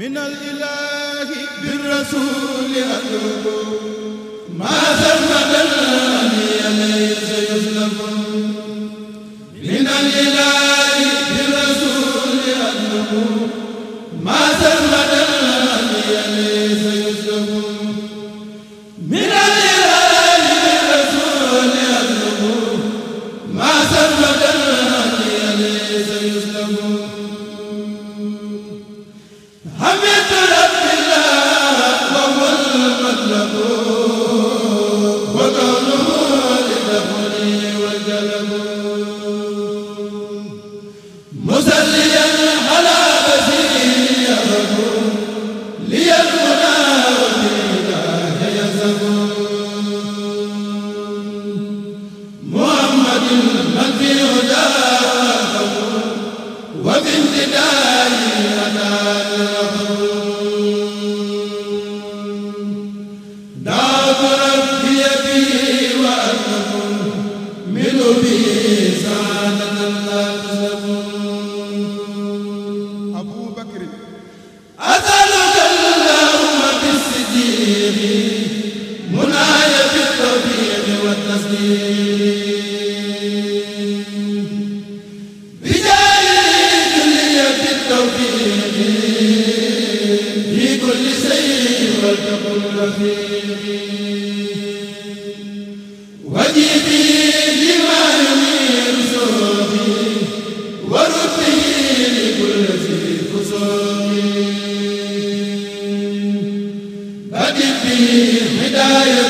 من الإله بالرسول أدعو ما ثم الأنبياء ليس يسلم hidayah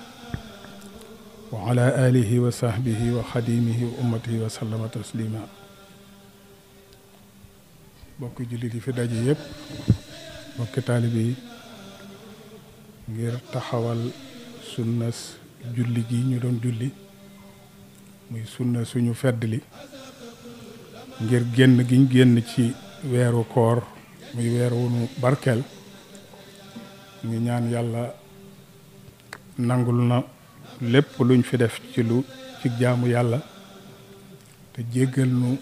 wa ala alihi wa sahbihi wa xadimihi wa ummatihi bokki jullit yi fi daje yëpp bokki taalibe yi ngir taxawal sunnas julli gi ñu doon julli muy sunna suñu fedd li ngir génn giñ génn ci weeru koor muy weer wunu barkeel ñu ñaan yàlla nangul na lépp luñ fi def ci lu ci jaamu yàlla te jéggal nu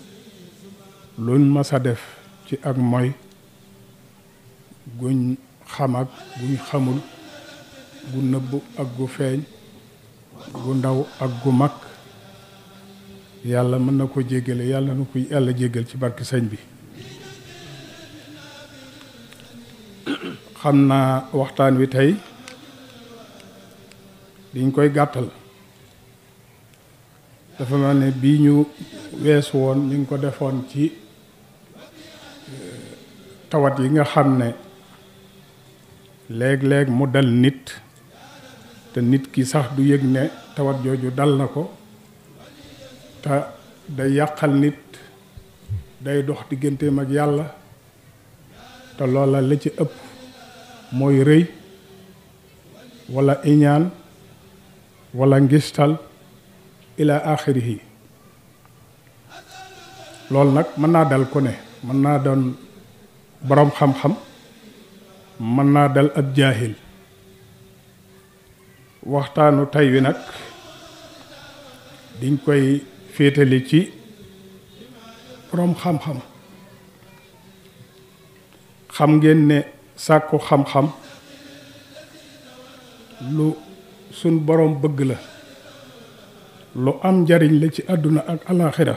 lu mas a def ci ak moy guñ xam ak xamul gu nëbb ak gu feeñ gu ndaw ak gu mag yàlla mën na ko jéggale yàlla na ko yàlla jéggal ci barke sëñ bi xam naa waxtaan wi tey diñ koy gàttal dafa mel ne bii ñu weesu woon ñu ngi ko defoon ci eh, tawat yi nga xam ne léeg-léeg mu dal nit te nit ki sax du yëg ne tawat jooju dal na ko te day yàqal nit day dox digganteem ak yàlla te loola la ci ëpp mooy rëy walla iñaan wala ngistal ila axirihi loolu nag mën naa dal ko ne mën naa doon boroom xam-xam mën naa dal ab jaahil waxtaanu tey wi nag diñ koy féetali ci boroom xam-xam xam ngeen ne sàkku xam-xam lu suñ boroom bëgg la lu am njariñ la ci àdduna ak alaaxira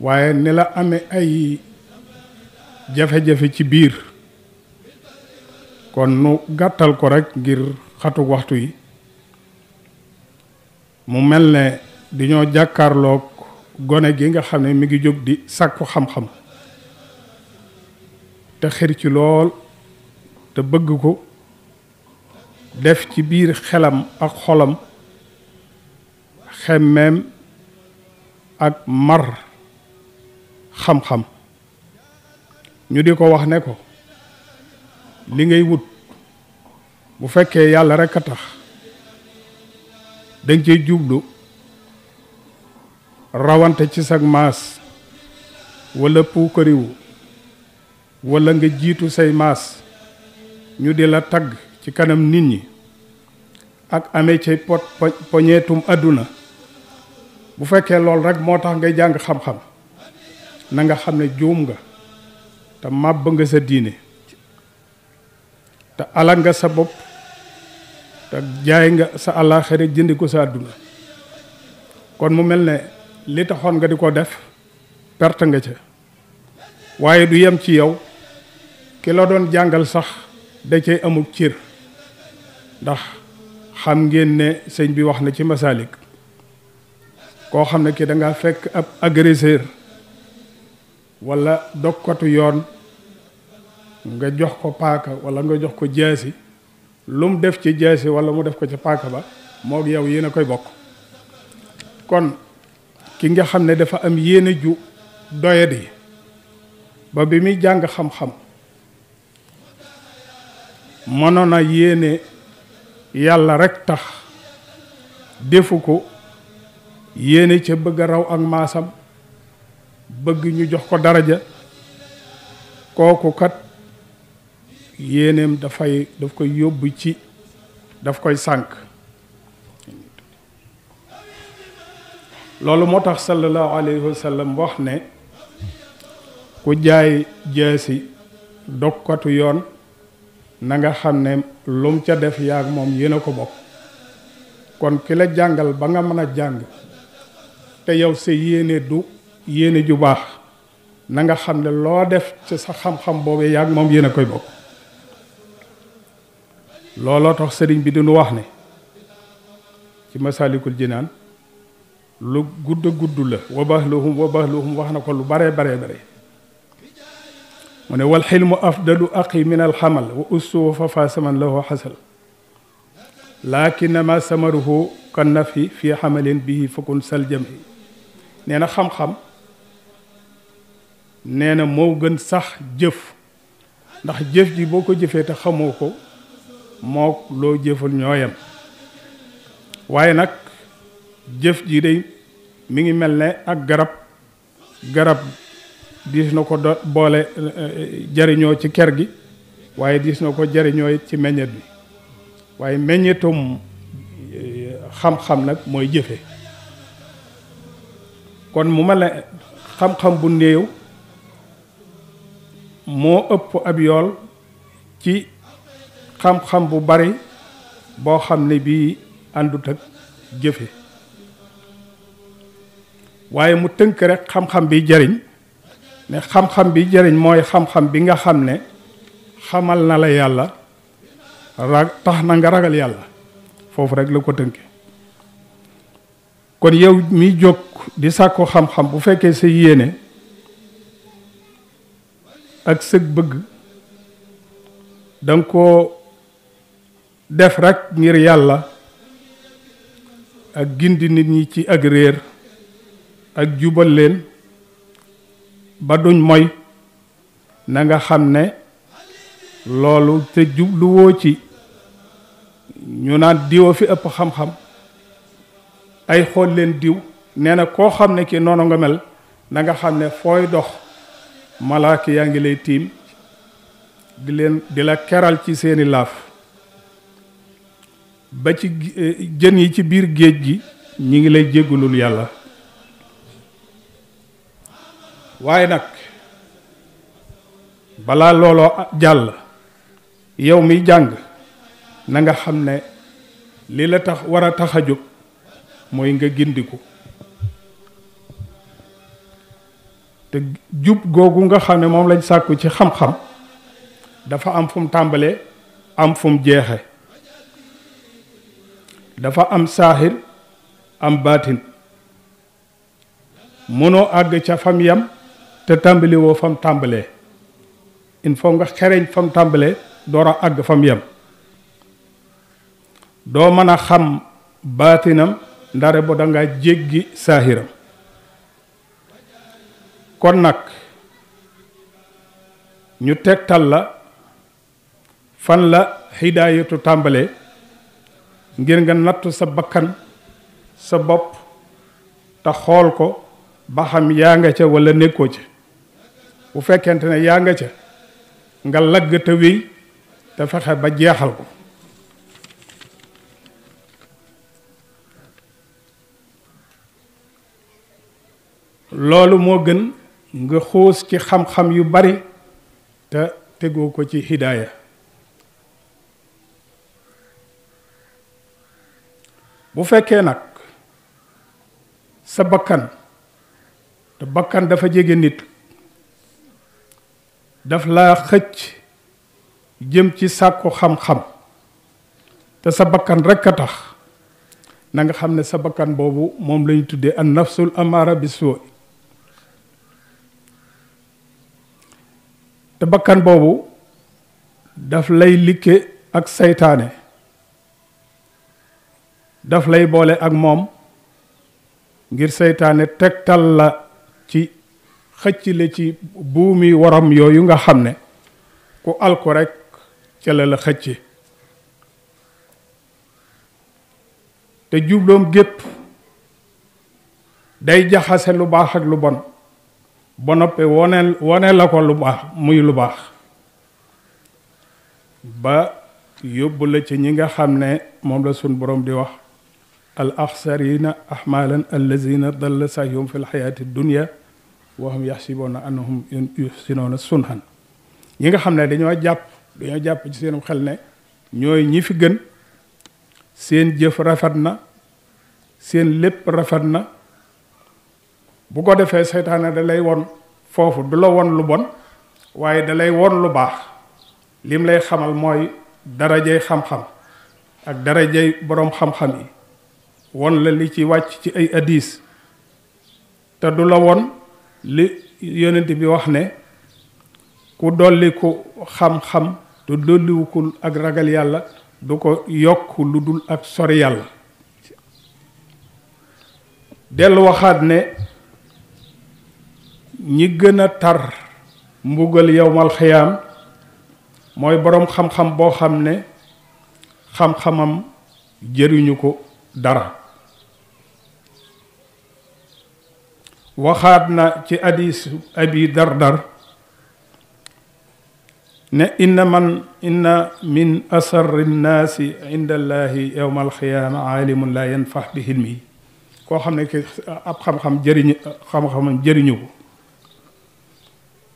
waaye ni la amee ay jafe-jafe ci biir kon nu gàttal ko rekk ngir xatu waxtu yi mu mel ne dañoo jàkkaarloog gone gi nga xam ne mi ngi jóg di sàkku xam-xam te xir ci lool te bëgg ko def ci biir xelam ak xolam xemmeem ak mar xam-xam ñu di ko wax ne ko li ngay wut bu fekkee yàlla rekk a tax danga cey jublu rawante ci sag maas wala puukariwu wala nga jiitu say maas ñu di la tagg ci kanam nit ñi ak amé ci pot poñetum aduna bu fekkee lool rek motax ngay jang xam-xam na nga xam ne nga ta màbb nga sa diine ta ala nga sa bop ta jaay nga sa àllaaxira jëndi ko sa aduna kon mu mel li nga di def perte nga ci waye du yam ci yow ki la doon jangal sax da amul ndax xam ngeen ne sëñ bi wax na ci masaalik koo xam ne kii da fekk ab agresseur wala dokkatu yoon nga jox ko paaka wala nga jox ko jaasi lu mu def ci jaasi wala mu def ko ci paaka ba moog yow yéen a koy bokk kon ki nga xam ne dafa am yéene ju doyadi ba bi muy jàng xam-xam mënoon a yéene yàlla rek tax defu ko yéene ca bëgg a raw ak maasam bëgg ñu jox ko daraja kooku kat yéeneem dafay daf koy yóbbu ci daf koy sànq loolu moo tax salallahu alayhi wa sallam wax ne ku jaay jaasi dokkatu yoon nanga xam ne lum ca def yaag moom yéen ko bokk kon ki la jàngal ba nga mën a jàng te yow sa yéene du yéene ju baax na nga xam ne loo def ci sa xam-xam boobee yaag moom yéen koy bokk looloo tax sëriñ bi diñu wax ne ci masalikul jinaan lu gudd gudd la wa baax luhum wa baax luhum wax na ko lu baree baree bare من هو الحلم أفضل أقي من الحمل وأسوه ففاسما له حسل لكن ما سمره كالنفي في حمل به فكن سلجم نينا خم خم نينا موغن صح جف ndax jëf ji boo ko jëfee te xamoo ko moo loo jëfal ñooyam waaye nag jëf ji day mi ngi mel ne ak garab garab diis na ko do boole eh, jariñoo ci ker gi waaye diis na ko jariñoo ci meññet bi waaye meññetum eh, xam-xam nag mooy jëfe kon mu mel ne xam-xam bu néew moo ëpp ab yool ci xam-xam bu bari boo xam ne bii àndut ak jëfe waaye mu tënk rek xam-xam bi jariñ ne xam-xam bi jëriñ mooy xam-xam bi nga xam ne xamal na la yàlla ra tax na nga ragal yàlla foofu rek la ko tënke kon yow mi jóg di sàkku xam-xam bu fekkee sa yéene ak sëg bëgg danga ko def rek ngir yàlla ak gindi nit ñi ci ak réer ak jubal leen ba duñ moy nanga xam ne loolu te jubluwoo ci ñu naan diwa fi ëpp xam-xam ay xool leen diw nee na koo xam ne kii noonu nga mel nanga xam ne fooy dox malaaka yaa ngi lay tiim di leen di la keral ci seeni laaf ba ci eh, jën yi ci biir géej gi ñi ngi lay jéggulul yàlla waaye nag balaa looloo jàll yow mi jàng na nga xam ne li la tax war a tax a jóg mooy nga gindiku te jub googu nga xam ne moom lañ sàkku ci xam-xam dafa am fu mu tàmbalee am fum mu jeexe dafa am saaxir am baatin mënoo àgg ca fam yam te tàmbaliwoo woo fam tàmbalee il faut nga xereñ fam tàmbalee door a àgg fam yem doo mën a xam baatinam ndare bo danga jéggi saahiram kon nag ñu tegtal la fan la hidaayatu tàmbale ngir nga nattu sa bakkan sa bopp te xool ko ba xam yaa nga ca walla nekkoo ca bu fekkente ne yaa nga ca nga lagg te wéy te fexe ba jeexal ko loolu moo gën nga xoos ci xam-xam yu bari te tegoo ko ci hidaaya bu fekkee nag sa bakkan te bakkan dafa jege nit daf la xëcc jëm ci sàkku xam-xam te sa bakkan rekk a tax na nga xam ne sa bakkan boobu moom lañu tuddee ak nafsul amaara bi suu te bakkan boobu daf lay likke ak saytaane daf lay boole ak moom ngir seytaane tegtal la ci xëcc la ci buumi waram yooyu nga xam ne ku alko rek ca la la xëcce te jubloom gépp day jaxase lu baax ak lu bon ba noppi wone wone la ko lu baax muy lu baax ba yóbbu la ci ñi nga xam ne moom la sun borom di wax al axsarina ahmalan allazina dalla sahyum fi l xayaati dunia wa hum yaxsibuuna annahum yuxsinuuna sunhan ñi nga xam ne dañoo jàpp dañoo jàpp ci seenu xel ne ñooy ñi fi gën seen jëf rafet na seen lépp rafet na bu ko defee seytaane da won foofu du la won lu bon waaye dalay won lu baax lim lay xamal mooy darajey xam-xam ak darajey boroom xam-xam yi won la li ci wàcc ci ay hadiis te du la won li yonent bi wax ne ku dolli ku xam-xam te dolliwu ak ragal yàlla du ko yokk lu dul ak sori yàlla dellu waxaat ne ñi gën a tar mbugal yowmal xiyaam mooy boroom xam-xam boo xam ne xam-xamam jëriñu ko dara وخاتنا في حديث أبي دردر إن من إن من أسر الناس عند الله يوم الخيام عالم لا ينفع به المي كو خامن اب خام خام جيرين خام خام جيرينو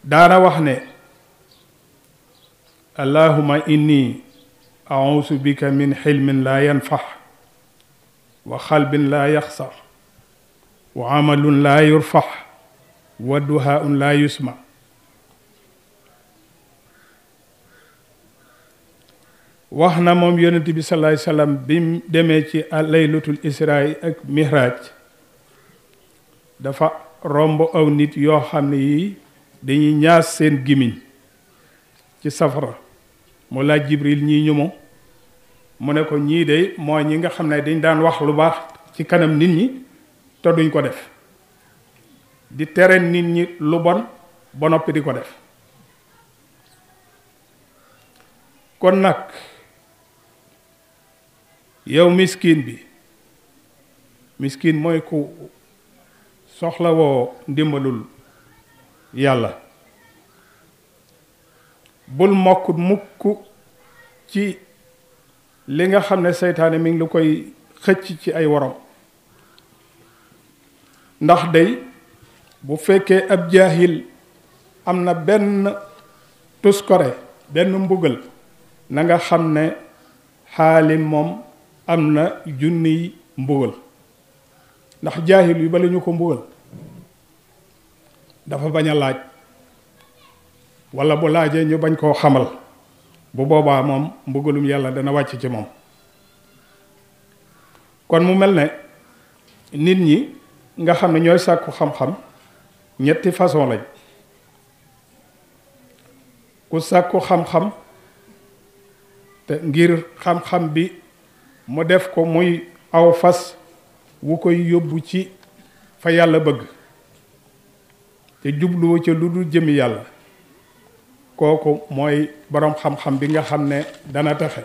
دانا واخني اللهم اني اعوذ بك من حلم لا ينفع وخلب لا يخسر وعمل لا يرفع ودهاء لا يسمع وحنا موم يونتي بي صلى الله عليه وسلم بيم ديمي سي ليله الاسراء اك ميراج دافا رومبو او نيت يو خامني دي ني نياس سين جيمين سي سفره مولا جبريل ني نيومو مونيكو ني دي مو نيغا خامني دي دان واخ لو باخ سي كانم نيت ني te duñ ko def di tere nit ñi lu bon ba noppi di ko def kon nag yow miskin bi miskin mooy ku soxlawoo ndimbalul yàlla bul mokk mukk ci li nga xam ne seytaane mi ngi lu koy xëcc ci ay worom ndax day bu fekkee ab jaahil am na benn tuskore benn mbugal na nga xam ne xaalim moom am na junniy mbugal ndax jaahil yu bala ñu ko mbugal dafa bañ laaj wala bu laajee ñu bañ koo xamal bu boobaa moom mbugalum yàlla dana wàcc ci moom kon mu mel ne nit ñi nga xam ne ñooy sàkku xam-xam ñetti façon lañ ku sàkku xam-xam te ngir xam-xam bi mu def ko muy aw fas wu koy yóbbu ci fa yàlla bëgg te jubluwu ca lu dul jëmi yàlla kooku mooy boroom xam-xam bi nga xam ne dana taxe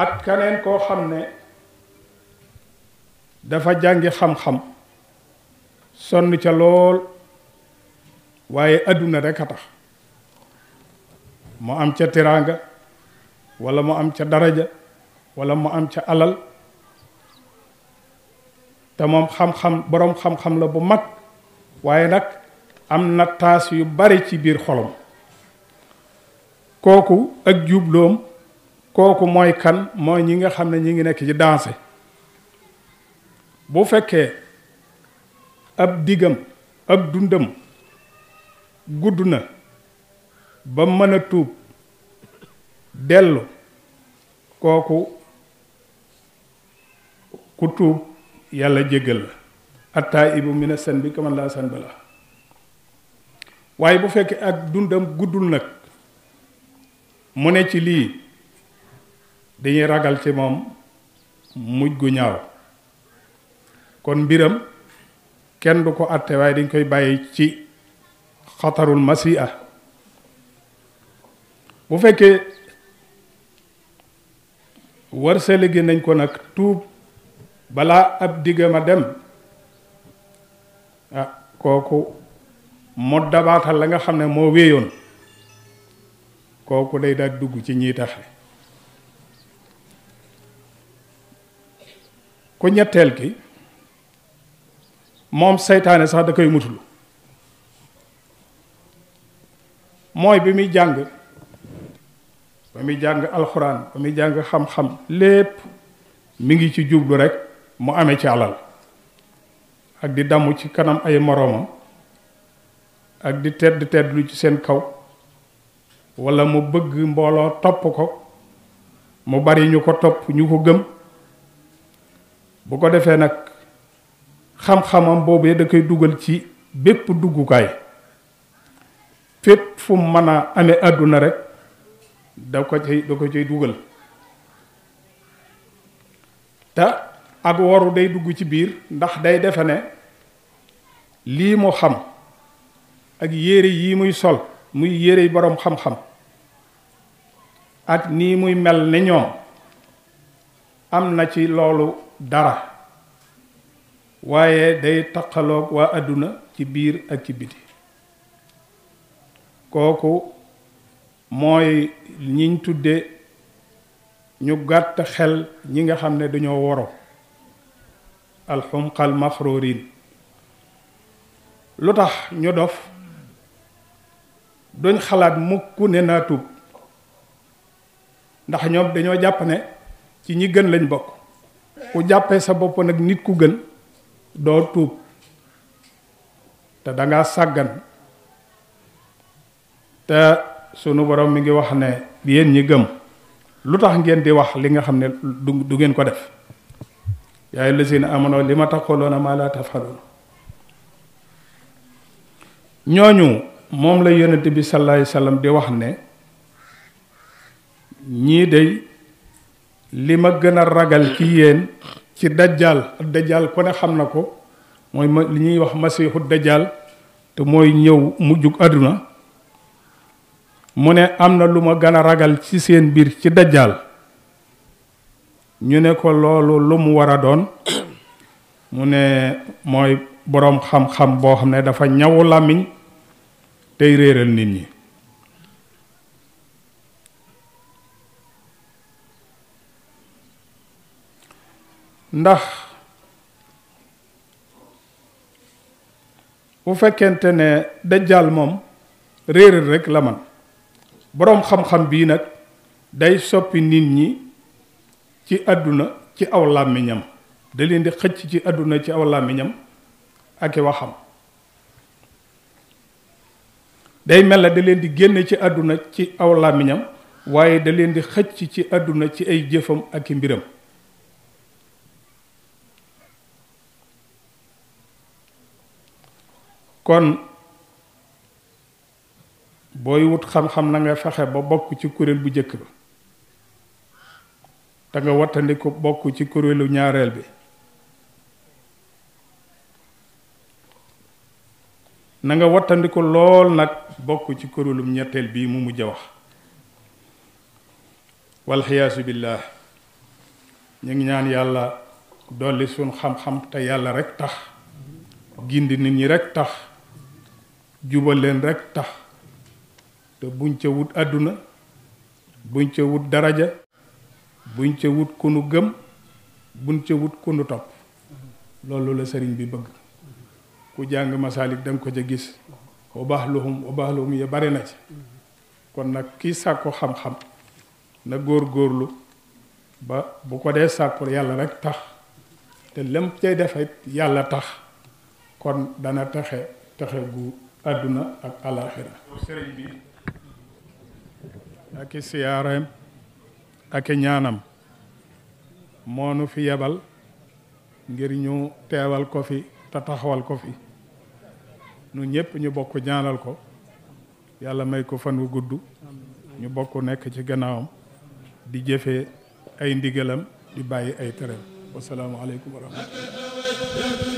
ak keneen koo xam ne dafa jàngi xam-xam sonn ca lool waaye aduna rek a tax mu am ca wala mu am ca daraja wala mu am ca alal te moom xam-xam borom xam-xam la bu mag waaye nag am na taas yu bari ci biir xolom kooku ak jubloom kooku mooy kan mooy ñi nga xam ne ñi ngi nekk ci danse bu fekkee ab diggam ab dundam gudd na ba mën a tuub dellu kooku ku tuub yàlla jéggal la attaa ibu mina sen bi kaman laa sen bala waaye bu fekkee ak dundam guddul nag mu ne ci lii dañuy ragal ci moom mujj gu ñaaw kon mbiram kenn du ko àtte waaye dañ koy bàyyi ci xatarul masiiha bu fekkee war sa liggéey nañ ko nag tuub balaa ab digga ma dem ah kooku moo dabaatal la nga xam ne moo wéyoon kooku day daal dugg ci ñiy taxe ku ñetteel ki moom seytaane sax da koy mutul mooy bi muy jàng ba muy jàng alxuraan ba muy jàng xam-xam lépp mi ngi ci jublu rekk mu ame ci alal ak di damu ci kanam ay moroomam ak di tedd tedd ci seen kaw walla mu bëgg mbooloo topp ko mu bari ñu ko topp ñu ko gëm bu ko defee nag xam-xamam boobee da koy dugal ci bépp duggukaay fépp fu mën a ame àdduna rekk da ko ci da ko cay dugal te ak waru day dugg ci biir ndax day defe ne lii mu xam ak yére yii muy sol muy yére boroom xam-xam ak nii muy mel ne ñoom am na ci loolu dara waaye day taqaloog waa àdduna ci biir ak ci biti kooku mooy ñiñ tuddee ñu gàtt xel ñi nga xam ne dañoo woro alxumqal maxrorin lu tax ñu dof duñ xalaat mukk ne naa tuub ndax ñoom dañoo jàpp ne ci ñi gën lañ bokk ku jàppee sa bopp nag nit ku gën doo tuub te danga sàggan te sunu borom mi ngi wax ne yéen ñi gëm lu tax ngeen di wax li nga xam ne du ngeen ko def yaay lazina amano li ma taqoloona maa la tafaloon ñooñu moom la yonent bi sallallahu alayhi wasallam di wax ne ñii day li ma gën a ragal ci yéen ci dajal dajal ku ne xam na ko mooy ma li ñuy wax masiixu dajal te mooy ñëw mujjug àdduna mu ne am na lu ma gën a ragal ci seen biir ci dajal ñu ne ko loolu lu mu war a doon mu ne mooy boroom xam-xam boo xam ne dafa ñawu làmmiñ tey réeral nit ñi ndax bu fekkente ne dajjaal moom réeral rekk la man boroom xam-xam bii nag day soppi nit ñi ci àdduna ci aw làmmiñam da leen di xëcc ci àdduna ci aw làmmiñam ak i waxam day mel ne da leen di génne ci àdduna ci aw làmmiñam waaye da leen di xëcc ci àdduna ci ay jëfam ak i mbiram kon boy wut xam-xam na nga fexe ba bokku ci kurel bu jëkk ba te nga watandiko bokku ci kurelu ñaarel bi na nga wattandiku lol nak bokku ci kurelu ñettel bi mu mujj wax hiyas billah ñi ngi ñaan yalla doli sun xam-xam te yalla rek tax gindi nit ñi rek tax jubal leen rekk tax te buñ ca wut àdduna buñ ca wut daraja buñ ca wut ku gëm buñ ca wut ku topp loolu la sëriñ bi bëgg ku jàng masaalik danga ko ca gis wa baax luhum wa baax luhum na ci kon nag kii sàkku xam-xam na góor góorlu ba bu ko dee sàkku yàlla rekk tax te lem cay defee yàlla tax kon dana taxe texe gu àdduna ak alaaxira sëriñ bi ak i siyaareem ak i ñaanam nu fi yebal ngir ñu teewal ko fi te taxawal ko fi nu ñépp ñu bokk ñaanal ko yàlla may ko fan wu gudd ñu bokk nekk ci gannaawam di jëfe ay ndigalam di bàyyi ay tereem wassalaamu aleykum wa rahmatullah